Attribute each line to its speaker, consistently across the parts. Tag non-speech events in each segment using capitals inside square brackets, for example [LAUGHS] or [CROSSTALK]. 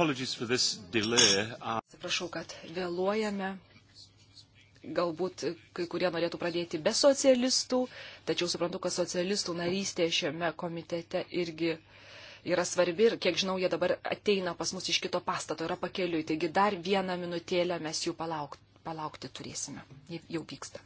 Speaker 1: Uh,
Speaker 2: Atsiprašau, kad vėluojame. Galbūt kai kurie norėtų pradėti be socialistų, tačiau suprantu, kad socialistų narystė šiame komitete irgi yra svarbi ir, kiek žinau, jie dabar ateina pas mus iš kito pastato, yra pakeliui. Taigi dar vieną minutėlę mes jų palauk, palaukti turėsime. Jie jau vyksta.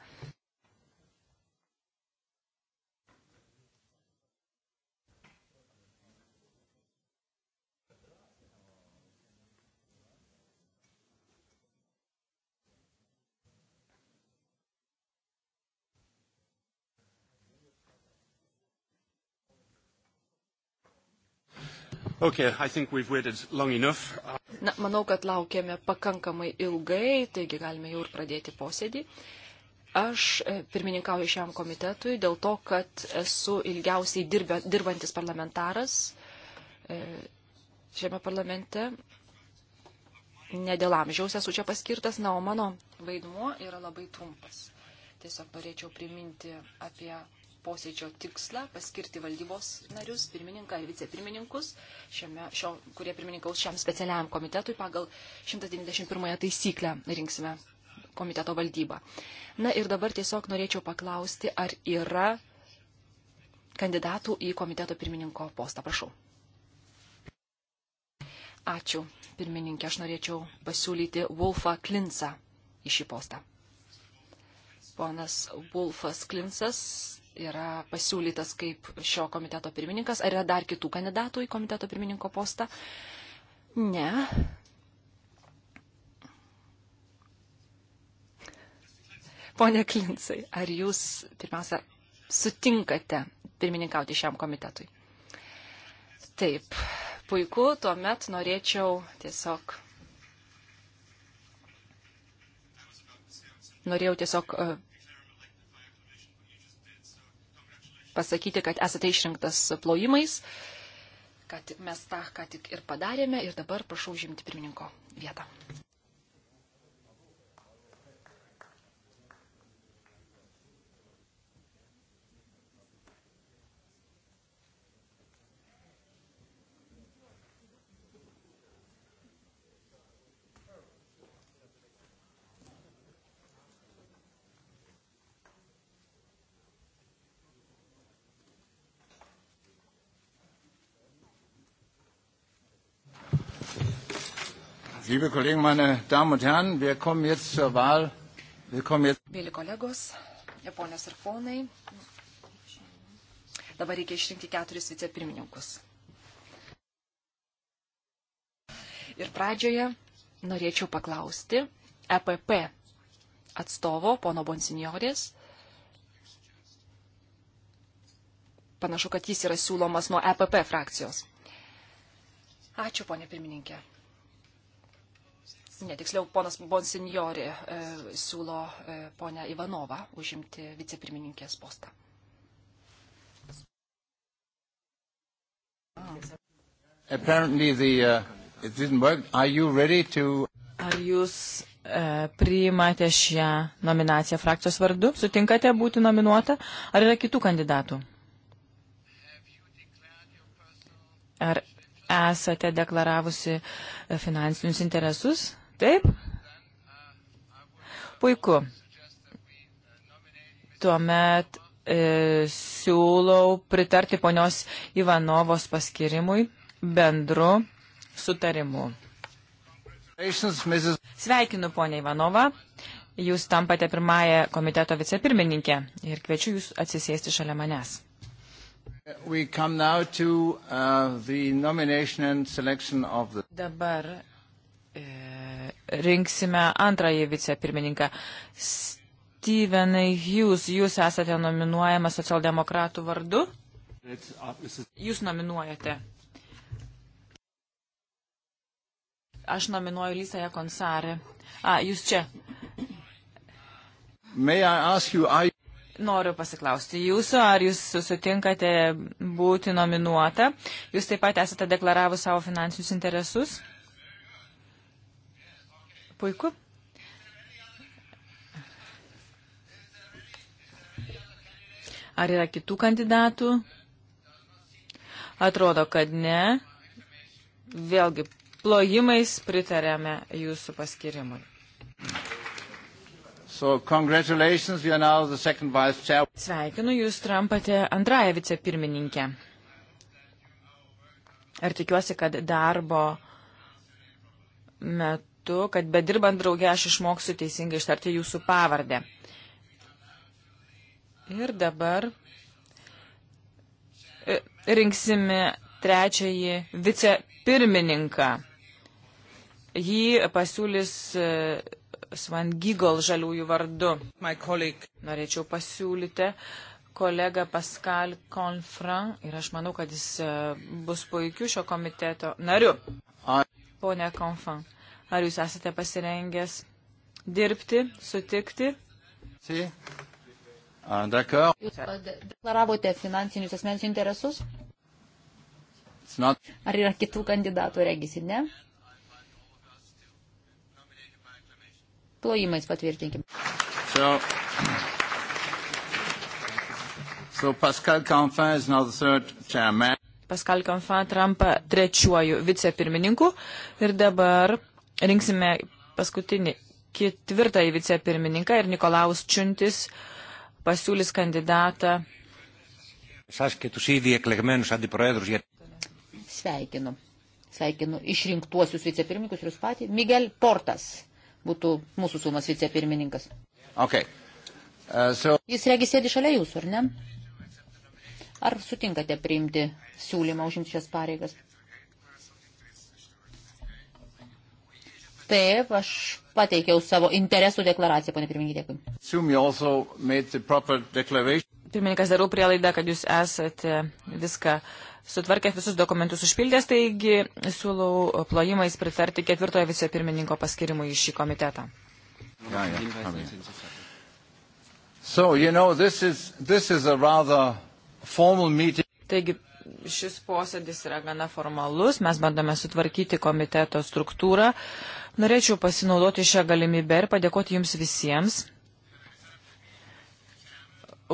Speaker 2: Okay, Na, manau, kad laukėme pakankamai ilgai, taigi galime jau ir pradėti posėdį. Aš e, pirmininkauju šiam komitetui dėl to, kad esu ilgiausiai dirbė, dirbantis parlamentaras e, šiame parlamente. Ne dėl amžiaus esu čia paskirtas, na, o mano vaidmuo yra labai trumpas. Tiesiog norėčiau priminti apie posėdžio tikslą paskirti valdybos narius, pirmininką ir vicepirmininkus, šiame, šio, kurie pirmininkaus šiam specialiam komitetui pagal 191 taisyklę rinksime komiteto valdybą. Na ir dabar tiesiog norėčiau paklausti, ar yra kandidatų į komiteto pirmininko postą. Prašau. Ačiū, pirmininkė. Aš norėčiau pasiūlyti Wolfą Klinsą į šį postą. Ponas Wolfas Klinsas yra pasiūlytas kaip šio komiteto pirmininkas. Ar yra dar kitų kandidatų į komiteto pirmininko postą? Ne. Pone Klincai, ar jūs pirmiausia sutinkate pirmininkauti šiam komitetui? Taip, puiku, tuomet norėčiau tiesiog norėjau tiesiog pasakyti, kad esate išrinktas plojimais, kad mes tą ką tik ir padarėme ir dabar prašau žimti pirmininko vietą.
Speaker 3: Liebe Kollegen, meine Damen und Herren, wir kommen jetzt zur Wahl. Wir kommen jetzt.
Speaker 2: Mėly kolegos, ponios ir ponai, dabar reikia išrinkti keturis vicepirmininkus. Ir pradžioje norėčiau paklausti EPP atstovo, pono Bonsignorės. Panašu, kad jis yra siūlomas nuo EPP frakcijos. Ačiū, ponė pirmininkė netiksliau, ponas Bonsignori e, siūlo e, ponę Ivanovą užimti vicepirmininkės postą.
Speaker 3: Apparently the, uh, it didn't work. Are you ready to...
Speaker 4: Ar jūs e, priimate šią nominaciją frakcijos vardu? Sutinkate būti nominuota? Ar yra kitų kandidatų? Ar esate deklaravusi e, finansinius interesus? Taip? Puiku. Tuomet e, siūlau pritarti ponios Ivanovos paskirimui bendru sutarimu. Sveikinu, ponia Ivanova. Jūs tampate pirmąją komiteto vicepirmininkę ir kviečiu jūs atsisėsti šalia manęs.
Speaker 3: To, uh,
Speaker 4: the... Dabar rinksime antrąjį vicepirmininką. Stevenai Hughes, jūs esate nominuojama socialdemokratų vardu? Jūs nominuojate. Aš nominuoju Lysą Jakonsarį. A, jūs čia. You, I... Noriu pasiklausti jūsų, ar jūs susitinkate būti nominuota. Jūs taip pat esate deklaravus savo finansinius interesus. Puiku. Ar yra kitų kandidatų? Atrodo, kad ne. Vėlgi, plojimais pritarėme jūsų paskirimui. So, Sveikinu, jūs trampate antrąją vicepirmininkę. Ir tikiuosi, kad darbo metu kartu, kad bedirbant draugę aš išmoksiu teisingai ištarti jūsų pavardę. Ir dabar e, rinksime trečiąjį vicepirmininką. Jį pasiūlys e, Svan Gigol žaliųjų vardu. Norėčiau pasiūlyti kolegą Pascal Confran ir aš manau, kad jis e, bus puikiu šio komiteto nariu. Pone Confran. Ar jūs esate pasirengęs dirbti, sutikti?
Speaker 3: Si. Ah, d'accord. Jūs
Speaker 5: deklaravote finansinius asmeninius interesus? Not... Ar yra kitų kandidatų regisi, ne? Plojimais patvirtinkim.
Speaker 3: So, so Pascal Canfin is now the third chairman.
Speaker 4: Pascal Canfin trampa trečiuoju vicepirmininku ir dabar rinksime paskutinį ketvirtąjį vicepirmininką ir Nikolaus Čiuntis pasiūlys kandidatą.
Speaker 5: Sveikinu. Sveikinu išrinktuosius vicepirmininkus ir jūs patį. Miguel Portas būtų mūsų sumas vicepirmininkas.
Speaker 3: Okay. Uh, so...
Speaker 5: Jis regi sėdi šalia jūsų, ar ne? Ar sutinkate priimti siūlymą užimti šias pareigas? Taip, aš pateikiau savo interesų deklaraciją, ponė pirmininkė,
Speaker 3: dėkui.
Speaker 5: Pirmininkas, darau prielaidą,
Speaker 4: kad jūs esate viską sutvarkęs, visus dokumentus užpildęs, taigi siūlau plojimais pritarti ketvirtojo vicepirmininko paskirimui į šį komitetą.
Speaker 3: Ja, ja, so, you know, this is, this is
Speaker 4: Taigi, šis posėdis yra gana formalus, mes bandome sutvarkyti komiteto struktūrą. Norėčiau pasinaudoti šią galimybę ir padėkoti Jums visiems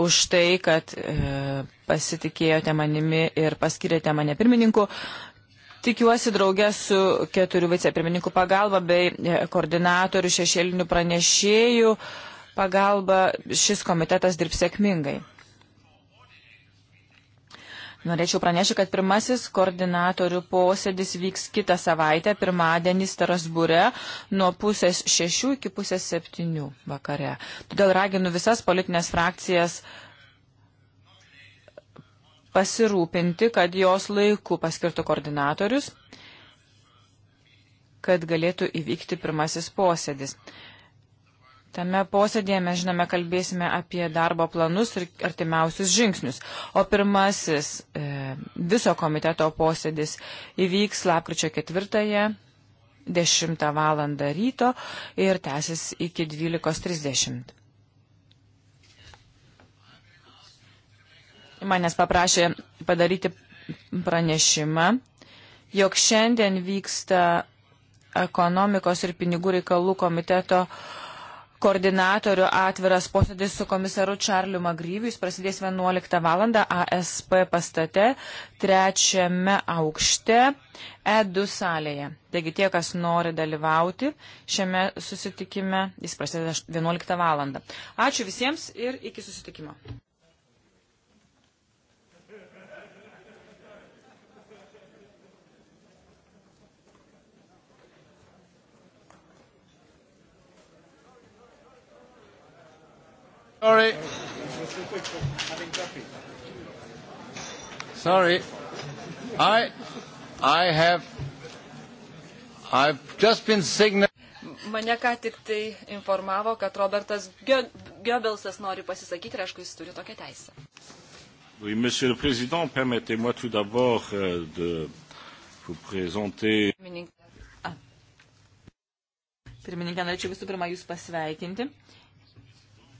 Speaker 4: už tai, kad e, pasitikėjote manimi ir paskirėte mane pirmininku. Tikiuosi draugę su keturių vicepirmininkų pagalba bei e, koordinatorių šešėlinių pranešėjų pagalba šis komitetas dirbs sėkmingai. Norėčiau pranešti, kad pirmasis koordinatorių posėdis vyks kitą savaitę, pirmadienį Strasbūre, nuo pusės šešių iki pusės septynių vakare. Todėl raginu visas politinės frakcijas pasirūpinti, kad jos laiku paskirtų koordinatorius, kad galėtų įvykti pirmasis posėdis. Tame posėdėje mes žinome kalbėsime apie darbo planus ir artimiausius žingsnius. O pirmasis e, viso komiteto posėdis įvyks lapkričio ketvirtąją 10 val. ryto ir tęsis iki 12.30. Manęs paprašė padaryti pranešimą, jog šiandien vyksta ekonomikos ir pinigų reikalų komiteto uh, koordinatorių atviras posėdis su komisaru Čarliu Magryviu. Jis prasidės 11 val. ASP pastate, trečiame aukšte, E2 salėje. Taigi tie, kas nori dalyvauti šiame susitikime, jis prasideda 11 val. Ačiū visiems ir iki susitikimo.
Speaker 3: Sorry. Sorry. I, I have, I've just been signaled.
Speaker 2: Mane ką tik tai informavo, kad Robertas Goebbelsas nori pasisakyti ir aišku, jis turi tokią teisę.
Speaker 1: Oui, Monsieur le Président, permettez-moi tout d'abord euh, de vous présenter.
Speaker 4: Pirmininkė, ah. norėčiau visų pirma Jūs pasveikinti. Uh,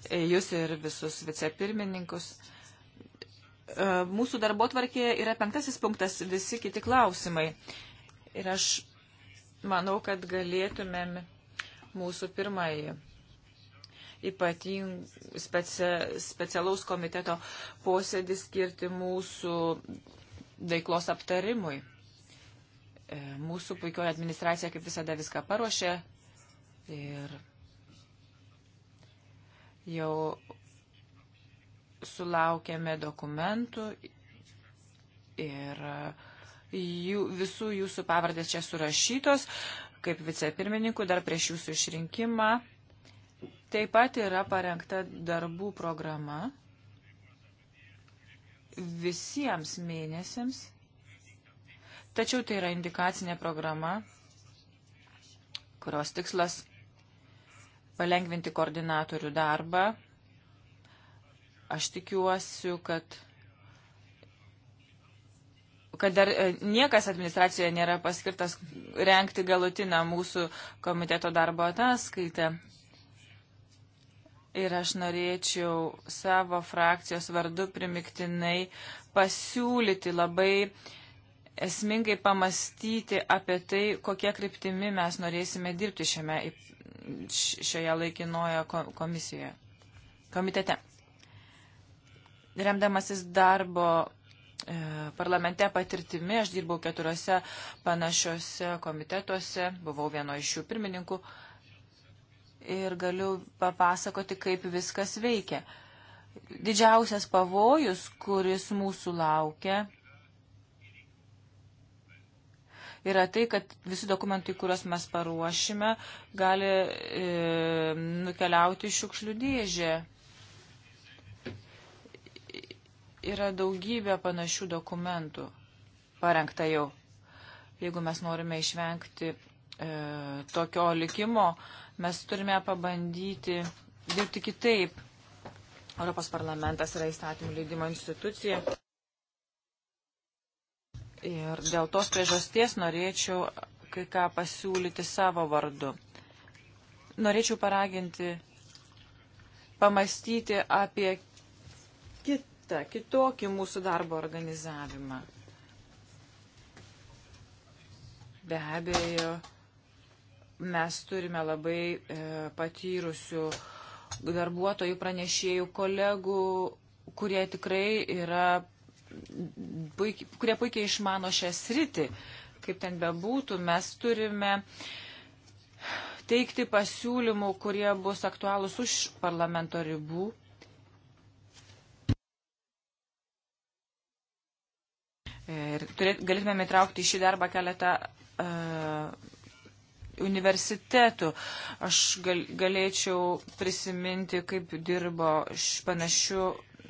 Speaker 4: jūs ir visus vicepirmininkus. E, mūsų darbo tvarkėje yra penktasis punktas, visi kiti klausimai. Ir aš manau, kad galėtumėm mūsų pirmąjį ypating specia, specialaus komiteto posėdį skirti mūsų veiklos aptarimui. E, mūsų puikioji administracija kaip visada viską paruošė ir Jau sulaukėme dokumentų ir e, jų, visų jūsų pavardės čia surašytos kaip vicepirmininkų dar prieš jūsų išrinkimą. Taip pat yra parengta darbų programa visiems mėnesiams, tačiau tai yra indikacinė programa, kurios tikslas palengvinti koordinatorių darbą. Aš tikiuosi, kad, kad dar e, niekas administracijoje nėra paskirtas renkti galutinę mūsų komiteto darbo ataskaitą. Ir aš norėčiau savo frakcijos vardu primiktinai pasiūlyti labai esmingai pamastyti apie tai, kokie kryptimi mes norėsime dirbti šiame šioje laikinoje komisijoje, komitete. Remdamasis darbo e, parlamente patirtimi, aš dirbau keturiose panašiose komitetuose, buvau vieno iš jų pirmininkų ir galiu papasakoti, kaip viskas veikia. Didžiausias pavojus, kuris mūsų laukia, yra tai, kad visi dokumentai, kuriuos mes paruošime, gali e, nukeliauti šiukšlių dėžė. Yra daugybė panašių dokumentų parengta jau. Jeigu mes norime išvengti e, tokio likimo, mes turime pabandyti dirbti kitaip. Europos parlamentas yra įstatymų leidimo institucija. Ir dėl tos priežasties norėčiau kai ką pasiūlyti savo vardu. Norėčiau paraginti, pamastyti apie kitą, kitokį mūsų darbo organizavimą. Be abejo, mes turime labai e, patyrusių darbuotojų, pranešėjų, kolegų, kurie tikrai yra puikiai, kurie puikiai išmano šią sritį. Kaip ten bebūtų, mes turime teikti pasiūlymų, kurie bus aktualūs už parlamento ribų. Ir turėt, galėtume įtraukti į šį darbą keletą uh, universitetų. Aš gal, galėčiau prisiminti, kaip dirbo panašių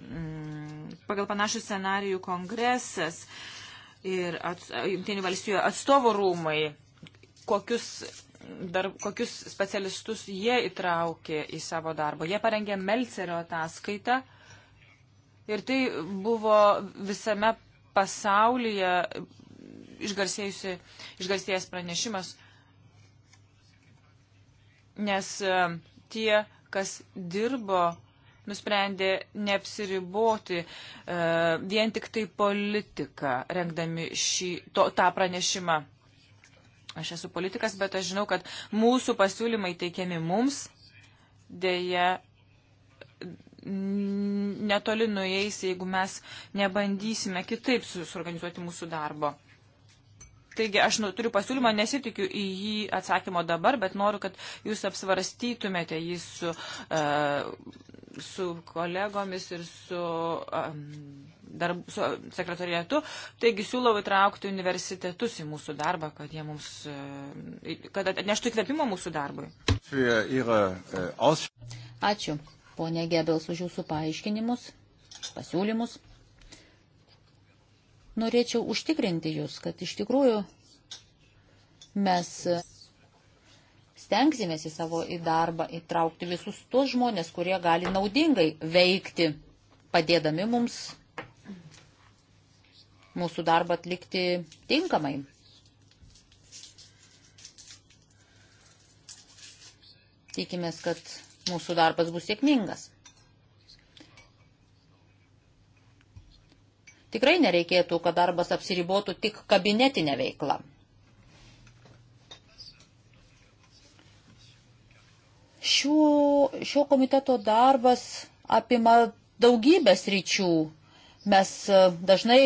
Speaker 4: Mm, pagal panašių scenarijų kongresas ir Junktinių valstybių atstovo rūmai, kokius, dar, kokius specialistus jie įtraukė į savo darbą. Jie parengė Melcerio ataskaitą ir tai buvo visame pasaulyje išgarsėjęs pranešimas, nes e, tie, kas dirbo nusprendė neapsiriboti e, vien tik tai politiką, rengdami šį, to, tą pranešimą. Aš esu politikas, bet aš žinau, kad mūsų pasiūlymai teikiami mums dėja netoli nueis, jeigu mes nebandysime kitaip susorganizuoti mūsų darbo. Taigi aš nu, turiu pasiūlymą, nesitikiu į jį atsakymo dabar, bet noriu, kad jūs apsvarstytumėte jį su, uh, su kolegomis ir su, um, darb, su sekretorietu. Taigi siūlau įtraukti universitetus į mūsų darbą, kad jie mums,
Speaker 5: uh, kad atneštų
Speaker 4: įkvėpimo mūsų
Speaker 5: darbui.
Speaker 3: E,
Speaker 5: Ačiū, ponė Gebels, už jūsų paaiškinimus, pasiūlymus norėčiau užtikrinti jūs, kad iš tikrųjų mes stengsimės į savo į darbą įtraukti visus tuos žmonės, kurie gali naudingai veikti, padėdami mums mūsų darbą atlikti tinkamai. Tikimės, kad mūsų darbas bus sėkmingas. Tikrai nereikėtų, kad darbas apsiribotų tik kabinetinę veiklą. Šio, šio komiteto darbas apima daugybės ryčių. Mes e, dažnai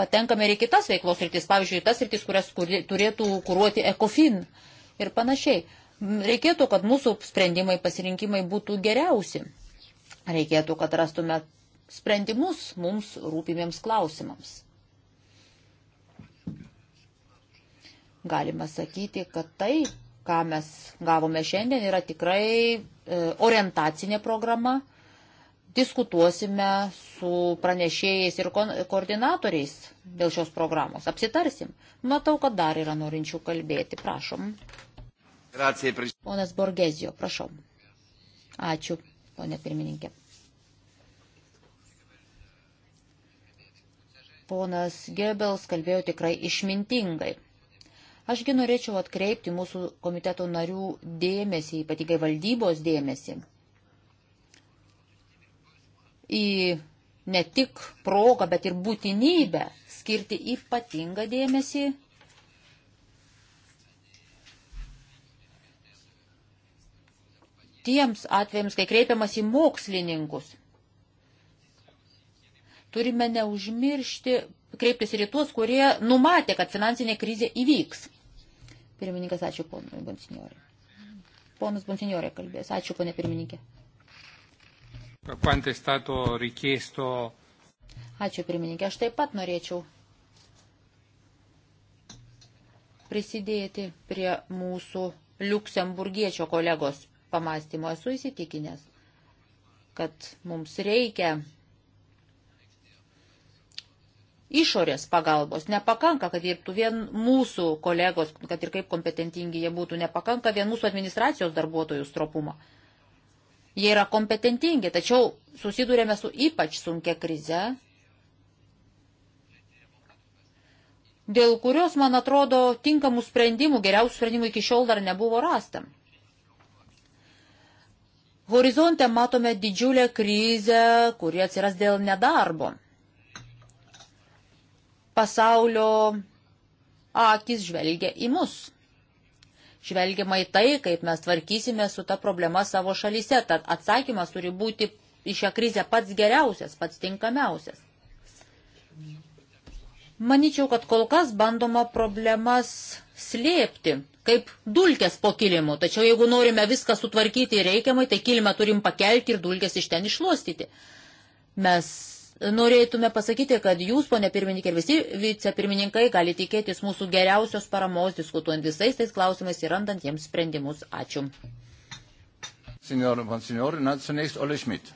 Speaker 5: patenkame ir į kitas veiklos rytis, pavyzdžiui, tas rytis, kurias turėtų kūruoti ECOFIN ir panašiai. Reikėtų, kad mūsų sprendimai, pasirinkimai būtų geriausi. Reikėtų, kad rastume sprendimus mums rūpimiems klausimams. Galima sakyti, kad tai, ką mes gavome šiandien, yra tikrai e, orientacinė programa. Diskutuosime su pranešėjais ir koordinatoriais dėl šios programos. Apsitarsim. Matau, kad dar yra norinčių kalbėti. Prašom. Ponas Borgezijo, prašom. Ačiū, ponė pirmininkė. Ponas Gebels kalbėjo tikrai išmintingai. Ašgi norėčiau atkreipti mūsų komiteto narių dėmesį, ypatingai valdybos dėmesį, į ne tik progą, bet ir būtinybę skirti ypatingą dėmesį tiems atvejams, kai kreipiamas į mokslininkus. Turime neužmiršti kreiptis ir į tuos, kurie numatė, kad finansinė krizė įvyks. Pirmininkas, ačiū ponui Bonsignorė. Ponas Bonsignorė kalbės. Ačiū, ponė pirmininkė.
Speaker 6: Quanto è stato richiesto
Speaker 5: Ačiū, pirmininkė. Aš taip pat norėčiau prisidėti prie mūsų liuksemburgiečio kolegos pamastymo. Esu įsitikinęs, kad mums reikia išorės pagalbos. Nepakanka, kad dirbtų vien mūsų kolegos, kad ir kaip kompetentingi jie būtų, nepakanka vien mūsų administracijos darbuotojų stropumo. Jie yra kompetentingi, tačiau susidūrėme su ypač sunkia krize, dėl kurios, man atrodo, tinkamų sprendimų, geriausių sprendimų iki šiol dar nebuvo rasta. Horizonte matome didžiulę krizę, kuri atsiras dėl nedarbo pasaulio akis žvelgia į mus. Žvelgiama į tai, kaip mes tvarkysime su ta problema savo šalyse. Tad atsakymas turi būti į šią krizę pats geriausias, pats tinkamiausias. Maničiau, kad kol kas bandoma problemas slėpti, kaip dulkės po kilimu. Tačiau jeigu norime viską sutvarkyti reikiamai, tai kilimą turim pakelti ir dulkės iš ten išluostyti. Mes norėtume pasakyti, kad jūs, ponė pirmininkė, ir visi vicepirmininkai gali tikėtis mūsų geriausios paramos, diskutuojant visais tais klausimais ir randant jiems sprendimus. Ačiū.
Speaker 3: Senior, bonsignor, na, zunächst Ole Schmidt.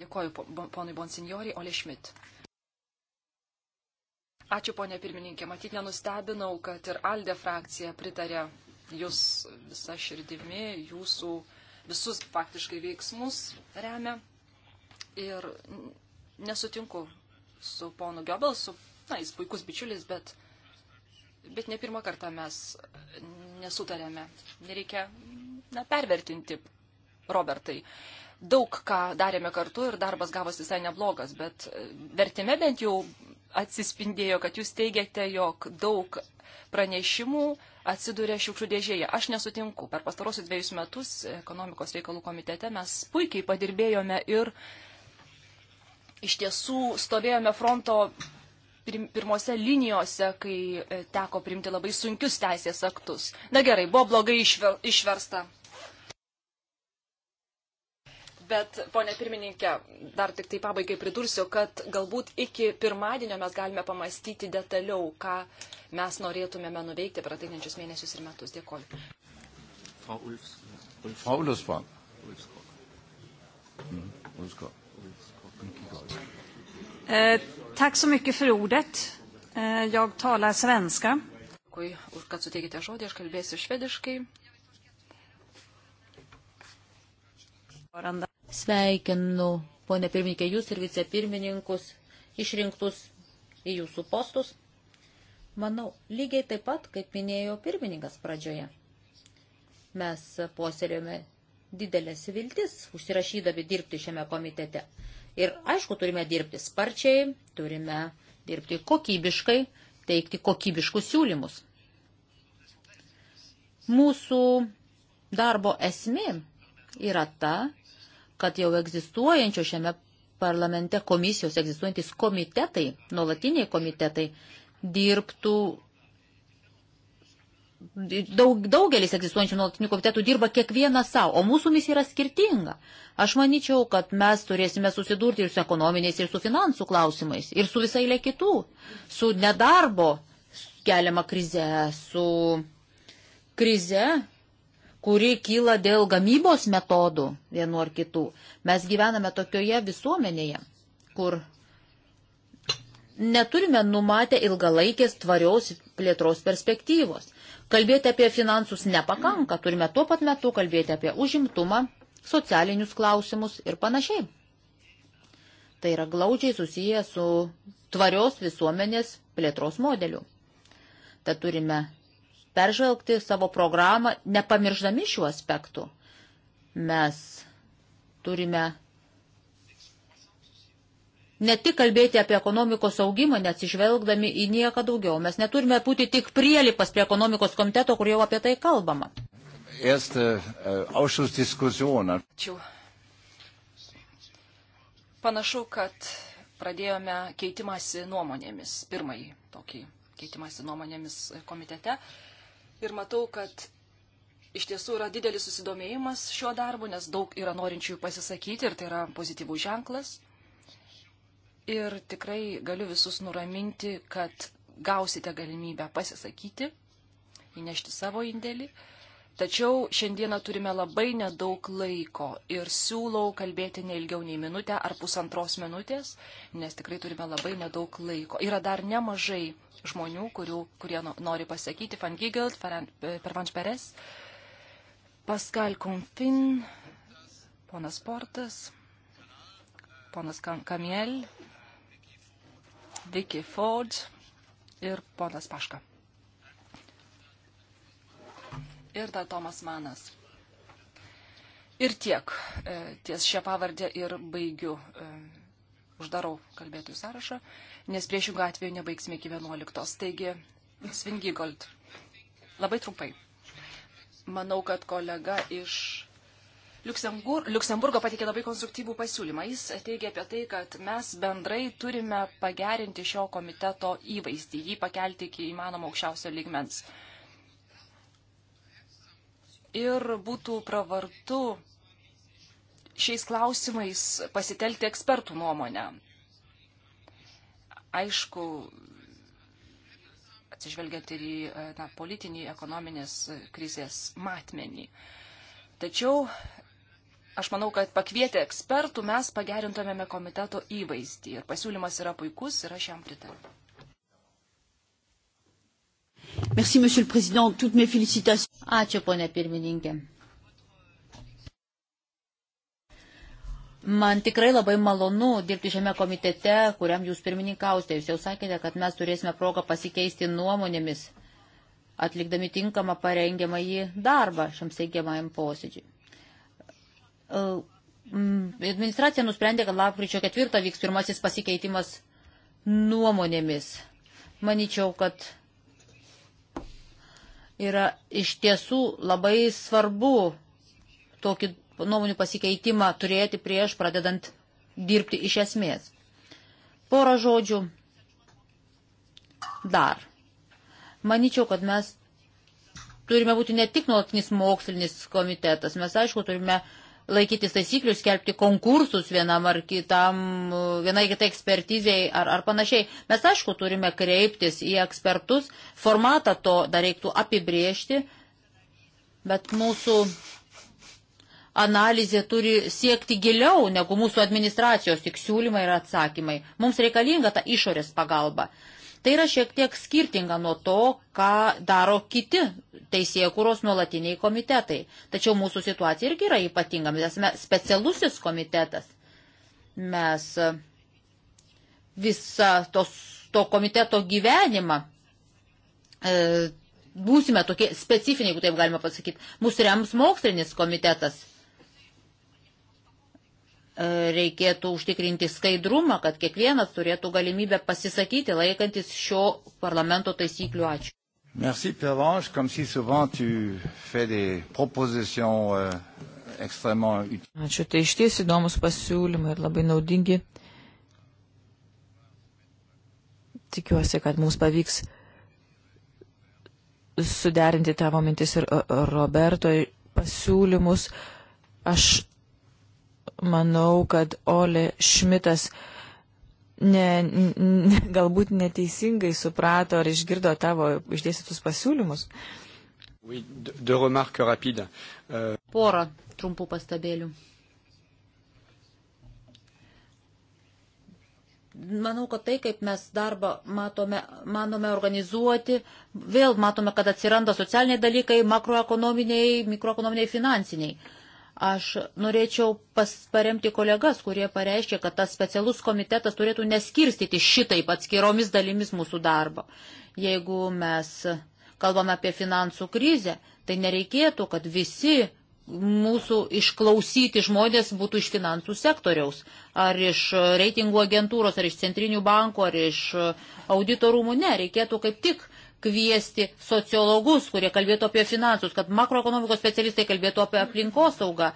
Speaker 5: Dėkoju, ponui Bonsignori, Ole Schmidt.
Speaker 2: Ačiū, ponė pirmininkė. Matyt, nenustebinau, kad ir Alde frakcija pritarė jūs visą širdimi, jūsų visus faktiškai veiksmus remia. Ir nesutinku su ponu Goebbelsu, na, jis puikus bičiulis, bet, bet ne pirmą kartą mes nesutarėme. Nereikia, na, pervertinti, Robertai. Daug ką darėme kartu ir darbas gavosi visai neblogas, bet vertime bent jau atsispindėjo, kad jūs teigiate, jog daug pranešimų atsiduria šiukšlių dėžėje. Aš nesutinku. Per pastarosius dviejus metus ekonomikos reikalų komitete mes puikiai padirbėjome ir uh, iš tiesų stovėjome fronto pirmose linijose, kai e, teko priimti labai sunkius teisės aktus. Na gerai, buvo blogai išversta. Bet, ponė pirmininkė, dar tik tai pabaigai pridursiu, kad galbūt iki pirmadienio mes galime pamastyti detaliau, ką mes norėtumėme nuveikti per ateinančius mėnesius ir metus. Dėkoju.
Speaker 3: Frau Ulfskog. Frau Ulfskog. Ulfskog. Mm, Ulfskog.
Speaker 2: Eh, tack så mycket för ordet. Eh, jag talar svenska. Dėkui už kad suteikite žodį, aš kalbėsiu švediškai.
Speaker 5: Sveikinu, ponė pirmininkė, jūs ir vicepirmininkus išrinktus į jūsų postus. Manau, lygiai taip pat, kaip minėjo pirmininkas pradžioje. Mes posėlėjome didelės viltis, užsirašydami dirbti šiame komitete. Ir aišku, turime dirbti sparčiai, turime dirbti kokybiškai, teikti kokybiškus siūlymus. Mūsų darbo esmė yra ta, kad jau egzistuojančio šiame parlamente komisijos egzistuojantis komitetai, nuolatiniai komitetai, dirbtų daug, daugelis egzistuojančių nuolatinių komitetų dirba kiekvieną savo, o mūsų misija yra skirtinga. Aš manyčiau, kad mes turėsime susidurti ir su ekonominiais, ir su finansų klausimais, ir su visai lė kitų, su nedarbo keliama krize, su krize, kuri kyla dėl gamybos metodų vienu ar kitų. Mes gyvename tokioje visuomenėje, kur neturime numatę ilgalaikės tvarios plėtros perspektyvos. Kalbėti apie finansus nepakanka, turime tuo pat metu kalbėti apie užimtumą, socialinius klausimus ir panašiai. Tai yra glaudžiai susiję su tvarios visuomenės plėtros modeliu. Tad turime peržvelgti savo programą, nepamirždami šių aspektų. Mes turime ne tik kalbėti apie ekonomikos augimą, neatsižvelgdami į nieką daugiau. Mes neturime būti tik prielipas prie ekonomikos komiteto, kur jau apie tai kalbama.
Speaker 3: Erste, uh, Ačiū.
Speaker 2: Panašu, kad pradėjome keitimąsi nuomonėmis, pirmąjį tokį keitimąsi nuomonėmis komitete. Ir matau, kad iš tiesų yra didelis susidomėjimas šiuo darbu, nes daug yra norinčiųjų pasisakyti ir tai yra pozityvų ženklas ir tikrai galiu visus nuraminti, kad gausite galimybę pasisakyti, įnešti savo indėlį. Tačiau šiandieną turime labai nedaug laiko ir siūlau kalbėti neilgiau nei minutę ar pusantros minutės, nes tikrai turime labai nedaug laiko. Yra dar nemažai žmonių, kurių, kurie nori pasakyti. Van Gigelt, e, Pervanš Peres, Pascal Confin, ponas Portas, ponas Kamiel, Vicky Ford ir ponas Paška. Ir dar Tomas Manas. Ir tiek. E, ties šią pavardę ir baigiu. E, uždarau kalbėtojų sąrašą, nes priešingų atveju nebaigsime iki 11. Taigi, Svingigold. Labai trumpai. Manau, kad kolega iš Liuksemburg, Liuksemburgo pateikė labai konstruktyvų pasiūlymą. Jis teigia apie tai, kad mes bendrai turime pagerinti šio komiteto įvaizdį, jį pakelti iki įmanomo aukščiausio lygmens. Ir būtų pravartu šiais klausimais pasitelti ekspertų nuomonę. Aišku, atsižvelgiant ir į na, politinį ekonominės krizės matmenį. Tačiau Aš manau, kad pakvietę ekspertų mes pagerintumėme komiteto įvaizdį ir pasiūlymas yra puikus ir aš
Speaker 5: jam pritariu. Merci, monsieur le président. Toutes mes félicitations. Ačiū, ponė pirmininkė. Man tikrai labai malonu dirbti šiame komitete, kuriam jūs pirmininkausite. Jūs jau sakėte, kad mes turėsime progą pasikeisti nuomonėmis, atlikdami tinkamą parengiamąjį darbą šiam sėgiamajam posėdžiui administracija nusprendė, kad lapkričio ketvirtą vyks pirmasis pasikeitimas nuomonėmis. Maničiau, kad yra iš tiesų labai svarbu tokį nuomonių pasikeitimą turėti prieš pradedant dirbti iš esmės. Porą žodžių dar. Maničiau, kad mes turime būti ne tik nuolatinis mokslinis komitetas, mes aišku turime uh, laikytis taisyklių, skelbti konkursus vienam ar kitam, vienai kitai ekspertizijai ar, ar panašiai. Mes aišku turime kreiptis į ekspertus, formatą to dar reiktų apibriežti, bet mūsų analizė turi siekti giliau negu mūsų administracijos tik siūlymai ir atsakymai. Mums reikalinga ta išorės pagalba. Tai yra šiek tiek skirtinga nuo to, ką daro kiti teisėkūros nuolatiniai komitetai. Tačiau mūsų situacija irgi yra ypatinga. Mes esame specialusis komitetas. Mes e, visą tos, to komiteto gyvenimą e, būsime tokie specifiniai, jeigu taip galima pasakyti. Mūsų rems mokslinis komitetas reikėtų užtikrinti skaidrumą, kad kiekvienas turėtų galimybę pasisakyti laikantis šio parlamento taisyklių. Ačiū.
Speaker 3: Merci Pervenche, comme si souvent tu fais des propositions euh, extrêmement utiles.
Speaker 4: Ačiū, tai iš ties įdomus pasiūlymai ir labai naudingi. Tikiuosi, kad mums pavyks suderinti tavo mintis ir Roberto pasiūlymus. Aš manau, kad Ole Šmitas ne, ne, galbūt neteisingai suprato ar išgirdo tavo išdėstytus pasiūlymus.
Speaker 6: Oui, uh...
Speaker 5: Porą trumpų pastabėlių. manau, kad tai, kaip mes darbą matome, manome organizuoti, vėl matome, kad atsiranda socialiniai dalykai, makroekonominiai, mikroekonominiai, finansiniai. Aš norėčiau paremti kolegas, kurie pareiškia, kad tas specialus komitetas turėtų neskirstyti šitaip atskiromis dalimis mūsų darbo. Jeigu mes kalbame apie finansų krizę, tai nereikėtų, kad visi mūsų išklausyti žmonės būtų iš finansų sektoriaus, ar iš reitingų agentūros, ar iš centrinių bankų, ar iš auditorumų. Ne, reikėtų kaip tik kviesti sociologus, kurie kalbėtų apie finansus, kad makroekonomikos specialistai kalbėtų apie aplinkosaugą,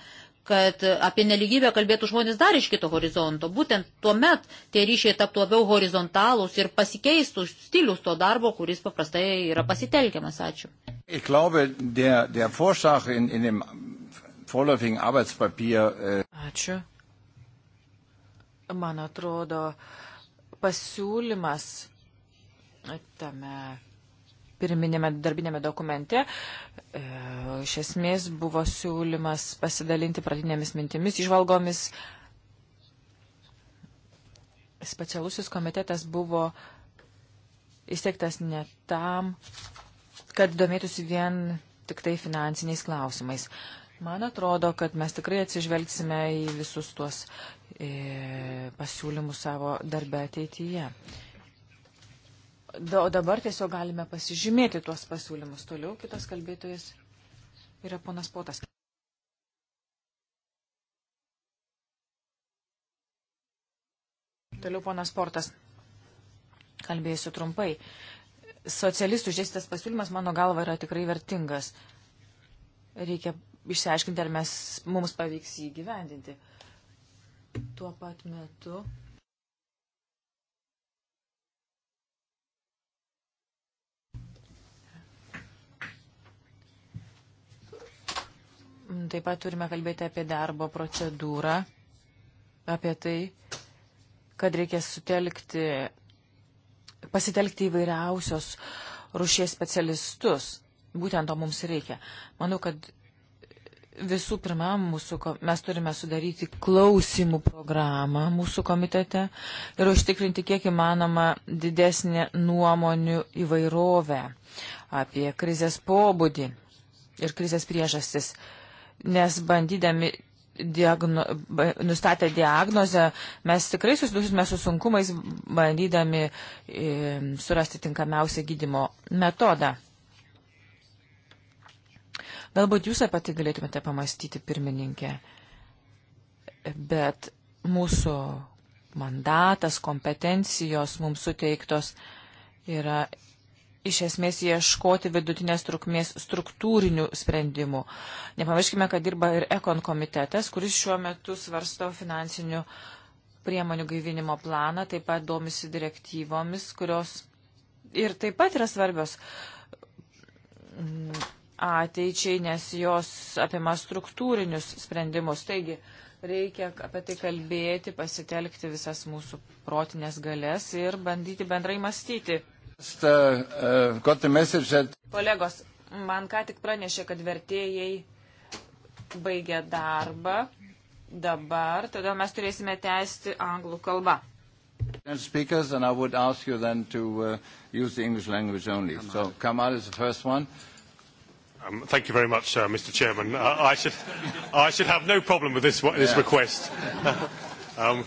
Speaker 5: kad apie neligybę kalbėtų žmonės dar iš kito horizonto. Būtent tuo met tie ryšiai taptų labiau horizontalūs ir pasikeistų stilius to darbo, kuris paprastai yra pasitelkiamas. Ačiū.
Speaker 3: Ich glaube, der, der Vorschlag in, in dem vorläufigen Arbeitspapier. Äh
Speaker 4: Ačiū. Man atrodo, pasiūlymas tame pirminėme darbinėme dokumente e, iš esmės buvo siūlymas pasidalinti pradinėmis mintimis, išvalgomis. Specialusis komitetas buvo įsteigtas ne tam, kad domėtųsi vien tik tai finansiniais klausimais. Man atrodo, kad mes tikrai atsižvelgsime į visus tuos e, pasiūlymus savo darbę ateityje. E, O dabar tiesiog galime pasižymėti tuos pasiūlymus. Toliau kitas kalbėtojas yra ponas Potas. Toliau ponas Portas. Kalbėsiu trumpai. Socialistų žėstas pasiūlymas, mano galva, yra tikrai vertingas. Reikia išsiaiškinti, ar mes, mums pavyks jį gyvendinti. Tuo pat metu Taip pat turime kalbėti apie darbo procedūrą, apie tai, kad reikia sutelkti, pasitelkti įvairiausios rušies specialistus. Būtent to mums reikia. Manau, kad visų pirma, mūsų, mes turime sudaryti klausimų programą mūsų komitete ir užtikrinti kiek įmanoma didesnį nuomonių įvairovę apie krizės pobūdį ir krizės priežastis nes bandydami diagno, nustatę diagnozę mes tikrai susidusime su sunkumais, bandydami e, surasti tinkamiausią gydimo metodą. Galbūt jūs apie tai galėtumėte pamastyti, pirmininkė, bet mūsų mandatas, kompetencijos mums suteiktos yra iš esmės ieškoti vidutinės trukmės struktūrinių sprendimų. Nepamirškime, kad dirba ir ekon komitetas, kuris šiuo metu svarsto finansinių priemonių gaivinimo planą, taip pat domisi direktyvomis, kurios ir taip pat yra svarbios mm, ateičiai, nes jos apima struktūrinius sprendimus. Taigi, reikia apie tai kalbėti, pasitelkti visas mūsų protinės galės ir bandyti bendrai mąstyti.
Speaker 3: Eh,
Speaker 4: Kolegos, man ką tik pranešė, kad vertėjai baigė darbą dabar, todėl mes turėsime tęsti anglų kalbą.
Speaker 3: Speakers, and I would ask you then to uh, use the English language only. Kamal. So Kamal is the first one.
Speaker 1: Um, thank you very much, uh, Mr. Chairman. Uh, I should, I should have no problem with this, this yeah. request. [LAUGHS] [LAUGHS] um,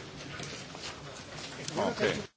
Speaker 4: Okay.